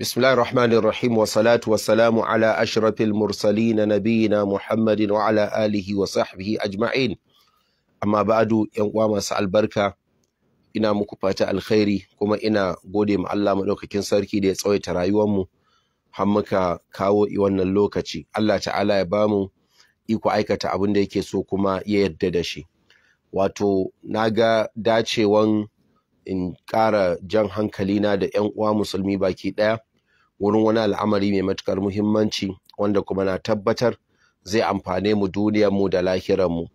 بسم الله الرحمن ala ashrafil mursalina على Muhammadin المرسلين Alihi محمد وعلى آله وصحبه Amma أما 'yan uwa masu albarka ina muku fata alkhairi kuma ina gode ma Allah maɗaukakin sarki da ya tsawaita mu, har muka kawo wannan lokaci Allah ta'ala ya bamu iko aikata abin da yake so kuma ya yarda da shi wato na ga dacewan in ƙara jan hankalina da 'yan uwa musulmi baki ɗaya wurin wani al'amari mai matukar muhimmanci wanda kuma na tabbatar zai amfane mu duniyar mu da mu.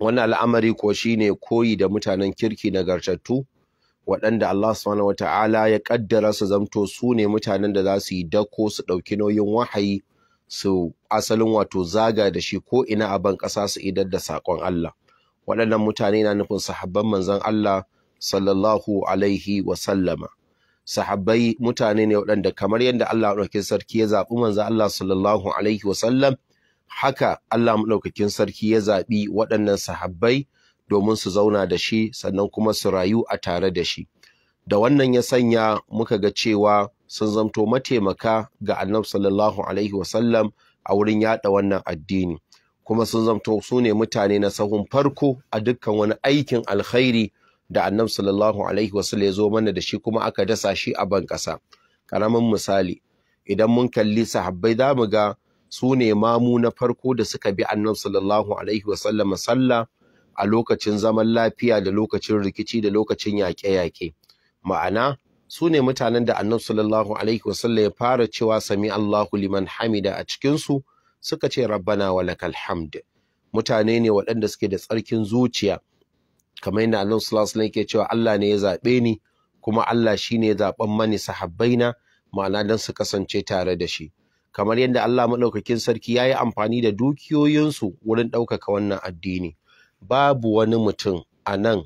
Wani al'amari ko shine koyi da mutanen kirki nagartattu waɗanda Allah subhanahu wata'ala ya kaddara su zamto su ne mutanen da za su yi dako su ɗauki nauyin wahayi su asalin wato zaga da shi ko ina a ban ƙasa su idar da saƙon Allah waɗannan mutane na nufin sahabban manzon Allah sallallahu alaihi wa sallama sahabbai mutane ne waɗanda kamar yadda Allah maɗaukakin sarki ya zaɓi manzo Allah sallallahu alaihi wasallam haka Allah maɗaukakin sarki ya zaɓi waɗannan sahabbai domin su zauna da shi sannan kuma su rayu a tare da shi da wannan ya sanya muka ga cewa sun zamto mataimaka ga annabi sallallahu alaihi wasallam a wurin yaɗa wannan addini kuma sun zamto su ne mutane na sahun farko a dukkan wani aikin alkhairi da annab sallallahu alaihi wasallam ya zo mana da shi kuma aka dasa shi a ban ƙasa ƙaramin misali idan mun kalli sahabbai za mu ga su ne mamu na farko da suka bi annab sallallahu alaihi wasallam sallah a lokacin zaman lafiya da lokacin rikici da lokacin yaƙe-yaƙe ma'ana su ne mutanen da annab sallallahu alaihi wasallam ya fara cewa sami Allahu liman hamida a cikinsu suka ce rabbana walakal hamd mutane ne waɗanda suke da tsarkin zuciya kamar yadda annabi sallallahu alaihi ke cewa Allah ne ya zaɓe ni kuma Allah shine ya zaɓan mani sahabbai na ma'ana dan su kasance tare da shi kamar yadda Allah maɗaukakin sarki ya yi amfani da dukiyoyinsu wurin ɗaukaka wannan addini babu wani mutum a nan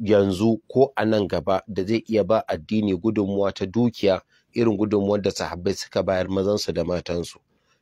yanzu ko a nan gaba da zai iya ba addini gudunmuwa ta dukiya irin gudunmuwar da sahabbai suka bayar mazansu da matansu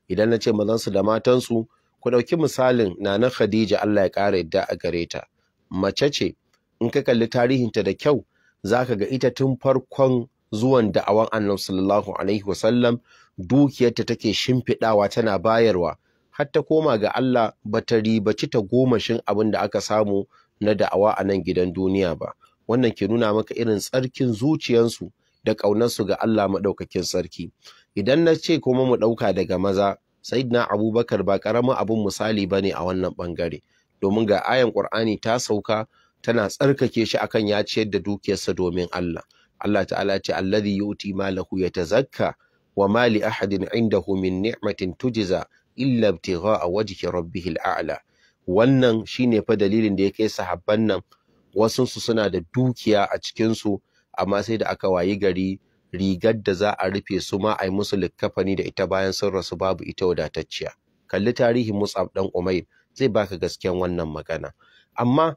idan na ce mazansu da matansu ku ɗauki misalin nana Khadija Allah ya ƙara yadda a gare ta mace ce in ka kalli tarihinta da kyau za ka ga ita tun farkon zuwan da'awan annabi sallallahu alaihi wasallam dukiyarta take shimfiɗawa tana bayarwa har ta koma ga Allah ba ta ribaci ta gomashin abin da aka samu na da'awa a nan gidan duniya ba wannan ke nuna maka irin tsarkin zuciyarsu da ƙaunarsu ga Allah maɗaukakin sarki idan na ce kuma mu ɗauka daga maza sayyidina abubakar ba ƙaramin abin misali bane a wannan ɓangare domin ga ayan ƙur'ani ta sauka tana tsarkake shi akan ya ciyar da dukiyarsa domin Allah Allah ta'ala ce alladhi yuti malahu yatazakka wa Mali ahadin indahu min ni'matin tujza illa ibtigha'a wajhi rabbihil a'la wannan shine fa dalilin da ya kai sahabban nan wasu suna da dukiya a cikin su amma sai da aka wayi gari rigar da za a rufe su ma a yi musu likkafani da ita bayan sun rasu babu ita wadatacciya kalli tarihin Mus'ab dan Umair zai baka gaskiyan wannan magana amma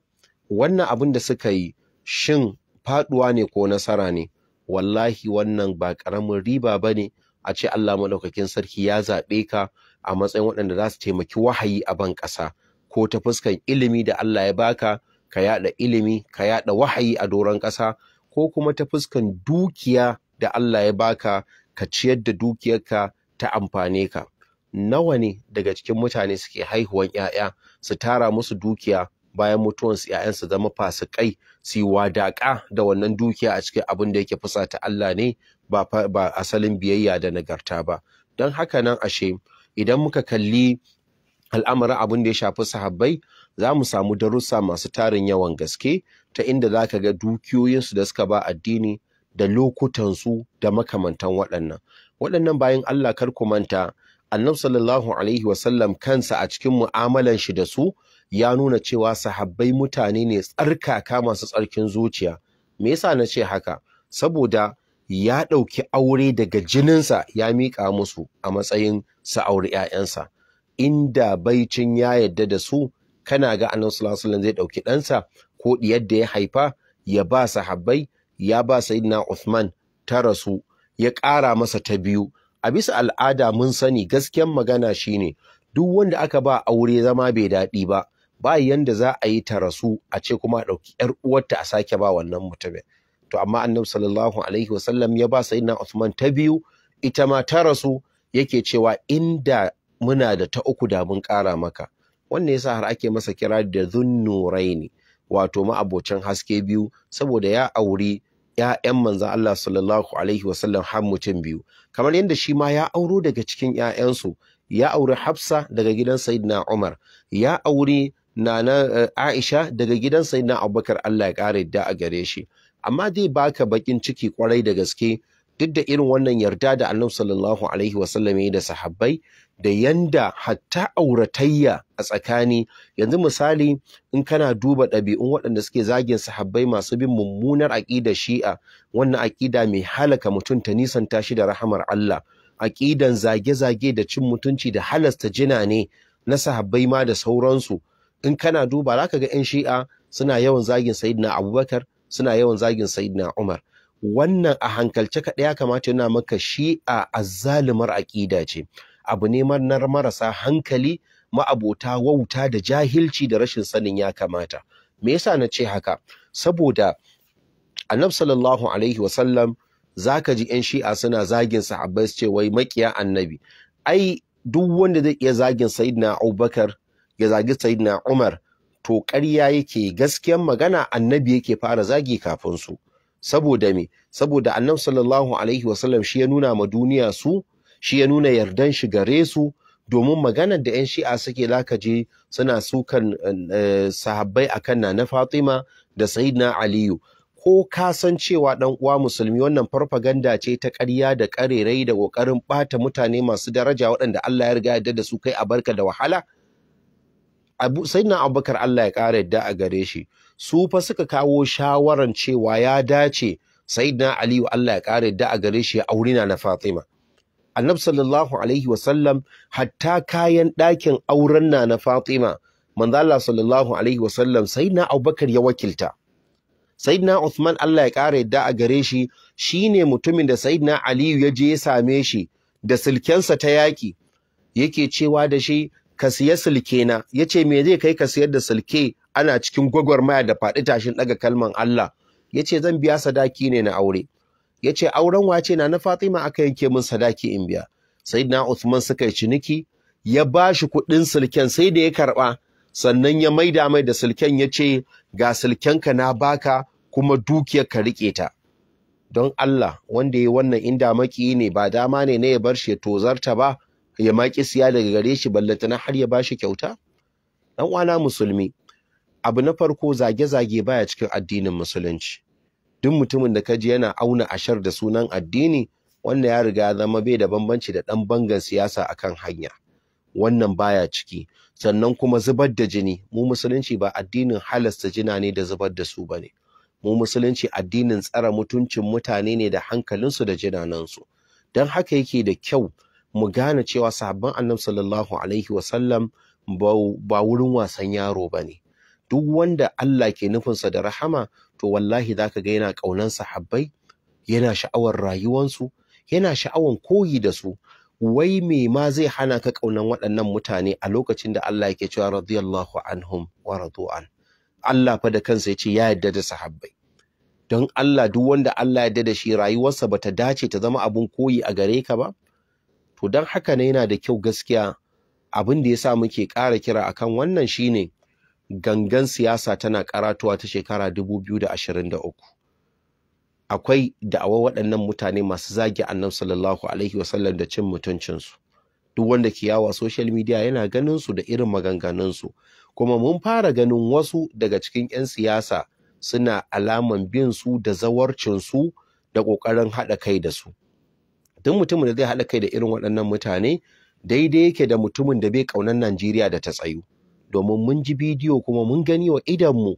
wannan abin da suka yi shin faduwa ne ko nasara ne wallahi wannan ba karamin riba ba ne a ce Allah maɗaukakin sarki ya zaɓe ka a matsayin waɗanda za su taimaki wahayi a ban ƙasa ko ta fuskan ilimi da Allah ya baka ka yaɗa ilimi ka yaɗa wahayi a doron ƙasa ko kuma ta fuskan dukiya da Allah ya baka ka ciyar da dukiyarka ta amfane ka nawa ne daga cikin mutane suke haihuwan ‘ya'ya su tara musu dukiya bayan mutuwansu ‘ya'yan su zama fasikai su yi wadaƙa da wannan dukiya a cikin abin da yake fusata Allah ne ba, asalin biyayya da nagarta ba don haka nan ashe idan muka kalli al'amarin abin da ya shafi sahabbai za mu samu darussa masu tarin yawan gaske ta inda za ka ga dukiyoyinsu da suka ba addini da lokutansu da makamantan waɗannan waɗannan bayan Allah kar ku manta annabi sallallahu alaihi wasallam kansa a cikin mu'amalan shi da su ya nuna cewa sahabbai mutane ne tsarkaka masu tsarkin zuciya me yasa na ce haka saboda ya ɗauki aure daga jininsa ya miƙa musu a matsayin sa auri 'ya'yansa inda baicin ya yadda da su kana ga annabi sallallahu alaihi wasallam zai ɗauki ɗansa ko ɗiyar da ya haifa ya ba sahabbai ya ba sayyidina Uthman ta rasu ya ƙara masa ta biyu a bisa al'ada mun sani gasken magana shine duk wanda aka ba aure zama bai daɗi ba ba yanda za a yi ta rasu a ce kuma a ɗauki ‘yar uwarta a sake ba wannan mutumin to amma annabi sallallahu alaihi wasallam ya ba sayyidina Usman ta biyu ita ma ta rasu yake cewa inda muna da ta uku da mun ƙara maka wannan yasa har ake masa kira da ne wato ma abocin haske biyu saboda ya aure. ‘ya'yan manzan Allah sallallahu Alaihi wasallam har mutum biyu, kamar yadda shi ma ya auro daga cikin ‘ya'yansu, ya auri Hafsa daga gidan Sayyidina Umar, ya auri Nana eh, Aisha daga gidan Sayyidina Abubakar Allah ya ƙara da a gare shi. Amma zai baka baƙin ciki kwarai da gaske duk da irin wannan yarda da annabi sallallahu alaihi wasallam da sahabbai da yanda hatta auratayya a tsakani yanzu misali in kana duba ɗabi'un waɗanda suke zagin sahabbai masu bin mummunar aƙida shi'a wannan aƙida mai halaka mutum ta nisanta shi da rahamar Allah aƙidan zage-zage da cin mutunci da halasta jina ne na sahabbai ma da sauransu in kana duba zaka ga 'yan shi'a suna yawan zagin sayyidina abubakar suna yawan zagin sayyidina umar wannan a hankalce kaɗai ya kamata yana maka shi'a azzalumar aƙida ce abu ne manar marasa hankali ma'abota wauta da jahilci da rashin sanin ya kamata me yasa na ce haka saboda annab sallallahu alaihi wasallam zaka ji yan shi'a suna zagin sahabbai su ce wai makiya annabi ai duk wanda zai iya zagin sayyidina abubakar ya zagi sayyidina umar to ƙarya yake gaskiyan magana annabi yake fara zagi kafin su saboda me saboda annabi sallallahu alaihi wasallam shi ya nuna ma duniya su shi ya nuna yardan shi gare su domin maganar da yan shi'a suke lakaje suna sukan eh, sahabbai akan na na Fatima da Sayyidina Aliyu ko ka san cewa dan uwa musulmi wannan farfaganda ce ta ƙarya da ƙarerai da ƙoƙarin ɓata mutane masu daraja waɗanda Allah ya riga ya da su kai a barka da wahala abu na abubakar Allah ya ƙara yadda a gare shi su fa suka kawo shawaran cewa ya dace sayyidina aliyu Allah ya ƙara yadda a gare shi ya aurina na fatima annabi sallallahu alaihi wa sallam hatta kayan ɗakin auren na na fatima manzo Allah sallallahu alaihi wa sallam sayyidina abubakar ya wakilta sayyidina Uthman Allah ya ƙara yadda a gare shi shine mutumin da sayyidina Aliyu ya je ya same shi da silkensa ta yaki yake cewa da shi ka siya silke na yace me zai kai ka siyar da silke ana cikin gwagwarmaya da faɗi tashin ɗaga kalman Allah yace zan biya sadaki ne na aure yace auren wace na na Fatima aka yanke min sadaki in biya sayyidina Uthman suka yi ciniki ya bashi kuɗin silken sai da ya karɓa sannan ya maida mai da silken ya ce ga ka na baka kuma dukiyar ka rike ta don Allah wanda ya wannan inda maki ne ba dama ne na ya bar shi ya tozarta ba ya maki siya daga gare shi ballatana har ya bashi kyauta dan uwana musulmi abu na farko zage-zage baya cikin addinin musulunci duk mutumin da kaji yana auna ashar da sunan addini wanda ya riga zama bai da bambanci da dan bangan siyasa akan hanya wannan baya ciki sannan kuma zubar da jini mu musulunci ba addinin halasta jina ne da zubar da su bane mu musulunci addinin tsara mutuncin mutane ne da hankalinsu da jinanansu don haka yake da kyau mu gane cewa sahabban annabi sallallahu alaihi wasallam ba wurin wasan yaro ba ne duk wanda Allah ke nufinsa da rahama to wallahi za ka ga yana ƙaunan sahabbai yana sha'awar rayuwansu yana sha'awar koyi da su wai me ma zai hana ka ƙaunan waɗannan mutane a lokacin da Allah yake cewa radiyallahu anhum wa radu'an Allah fa da kansa ya ce ya yarda da sahabbai don Allah duk wanda Allah ya yarda da shi rayuwarsa bata dace ta zama abun koyi a gare ka ba to don haka ne yana da kyau gaskiya abin da ya sa muke ƙara kira akan wannan shine gangan siyasa tana karatuwa ta shekara 2023 akwai da'awa waɗannan mutane masu zagi annan sallallahu alaihi wasallam da cin mutuncinsu duk wanda ke yawa social media yana ganin su da irin maganganun su kuma mun fara ganin wasu daga cikin 'yan siyasa suna alaman bin su da zawarcin su da ƙoƙarin haɗa kai da su duk mutumin da zai haɗa kai da irin waɗannan mutane daidai yake da mutumin da bai ƙaunar Najeriya da ta tsayu domin mun ji bidiyo kuma mun gani wa idanmu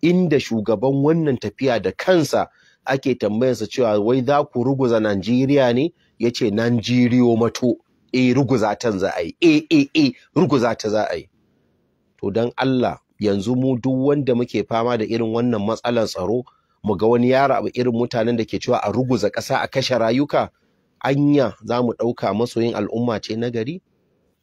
inda shugaban wannan tafiya da kansa ake tambayarsa cewa wai za ku ruguza Najeriya ne ya ce Najeriyo mato e eh, ruguza tan za a yi e eh, e eh, e ruguza ta za a yi to don Allah yanzu mu duk wanda muke fama da irin wannan matsalar tsaro mu ga wani yaro abu irin mutanen da ke cewa a ruguza ƙasa a kashe rayuka anya za mu ɗauka masoyin al'umma ce na gari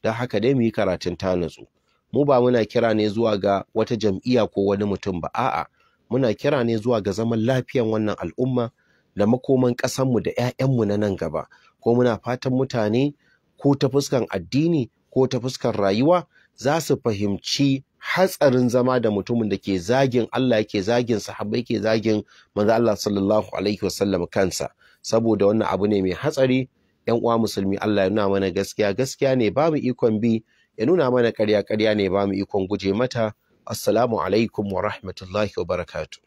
don haka dai mu yi karatun ta natsu mu ba muna kira ne zuwa ga wata jam'iyya ko wani mutum ba a'a muna kira ne zuwa ga zaman lafiyan wannan al'umma da makoman ƙasanmu da 'ya'yanmu na nan gaba ko muna fatan mutane ko ta fuskan addini ko ta fuskan rayuwa za su fahimci hatsarin zama da mutumin da ke zagin Allah yake zagin sahabbai yake zagin manzo Allah sallallahu alaihi wasallam kansa saboda wannan abu ne mai hatsari yan uwa musulmi Allah ya nuna mana gaskiya gaskiya ne ba mu ikon bi ya nuna mana karya. Karya ne ba mu ikon guje mata assalamu alaikum wa rahmatullahi wa barakatu.